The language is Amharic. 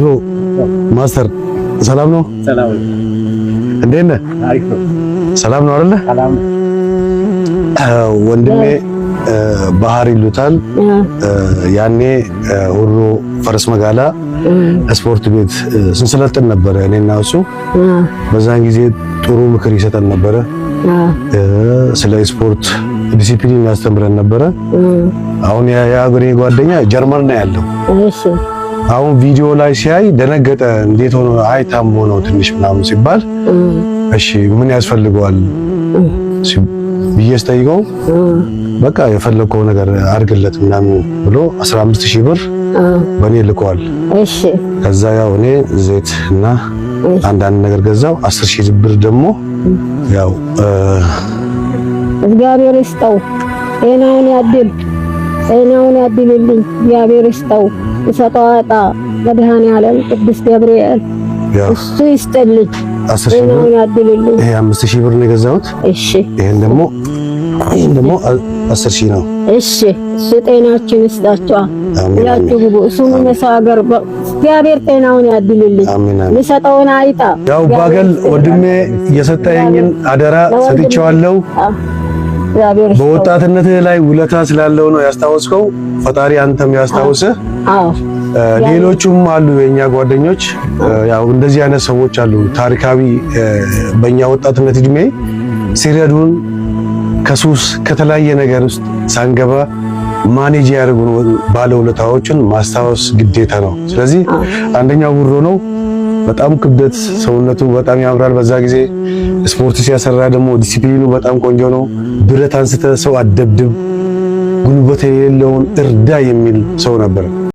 ሩ ማስተር ሰላም ነው? ሰላም ነው። እንዴት ነህ? አሪፍ ነው። ሰላም ነው አይደለ? ወንድሜ ባህር ይሉታል። ያኔ ሁሉ ፈረስ መጋላ ስፖርት ቤት ስንሰለጥን ነበረ እኔና እሱ። በዛን ጊዜ ጥሩ ምክር ይሰጠን ነበረ። ስለ ስፖርት ዲሲፕሊን ያስተምረን ነበረ። አሁን የአብሬ ጓደኛ ጀርመን ነው ያለው። አሁን ቪዲዮ ላይ ሲያይ ደነገጠ። እንዴት ሆኖ አይ ሆነው ነው ትንሽ ምናምን ሲባል እሺ ምን ያስፈልገዋል ብዬ ስጠይቀው በቃ የፈለግከው ነገር አድርግለት ምናምን ብሎ ሺህ ብር በእኔ ልከዋል። ከዛ ያው እኔ ዘይት እና አንዳንድ ነገር ገዛው። አስር ሺህ ብር ደግሞ ያው እግዚአብሔር ይስጠው ጤናውን ያድል ጤናውን ያድልልኝ እግዚአብሔር ይስጠው። ይሰጠው አጣ መድኃኔዓለም ቅዱስ ገብርኤል እሱ ይስጠልኝ ጤናውን ያድልልኝ። ይሄ አምስት ሺህ ብር ነው የገዛሁት። እሺ ይሄን ደግሞ ይሄን ደግሞ አስር ሺህ ነው። እሺ እሱ ጤናችን ይስጣቸዋል። ያችሁ ጉቡ መሳገር እግዚአብሔር ጤናውን ያድልልኝ፣ ልሰጠውን አይጣ። ያው ባገል ወንድሜ የሰጠኝን አደራ ሰጥቼዋለሁ። በወጣትነትህ ላይ ውለታ ስላለው ነው ያስታወስከው። ፈጣሪ አንተም ያስታውስህ። ሌሎቹም አሉ የኛ ጓደኞች። ያው እንደዚህ አይነት ሰዎች አሉ ታሪካዊ በእኛ ወጣትነት እድሜ ሲረዱን ከሱስ ከተለያየ ነገር ውስጥ ሳንገባ ማኔጅ ያደርጉ ባለውለታዎችን ማስታወስ ግዴታ ነው። ስለዚህ አንደኛው ጉሮ ነው። በጣም ክብደት ሰውነቱ በጣም ያምራል። በዛ ጊዜ ስፖርት ሲያሰራ ደግሞ ዲሲፕሊኑ በጣም ቆንጆ ነው። ብረት አንስተ ሰው አደብድብ፣ ጉልበት የሌለውን እርዳ የሚል ሰው ነበር።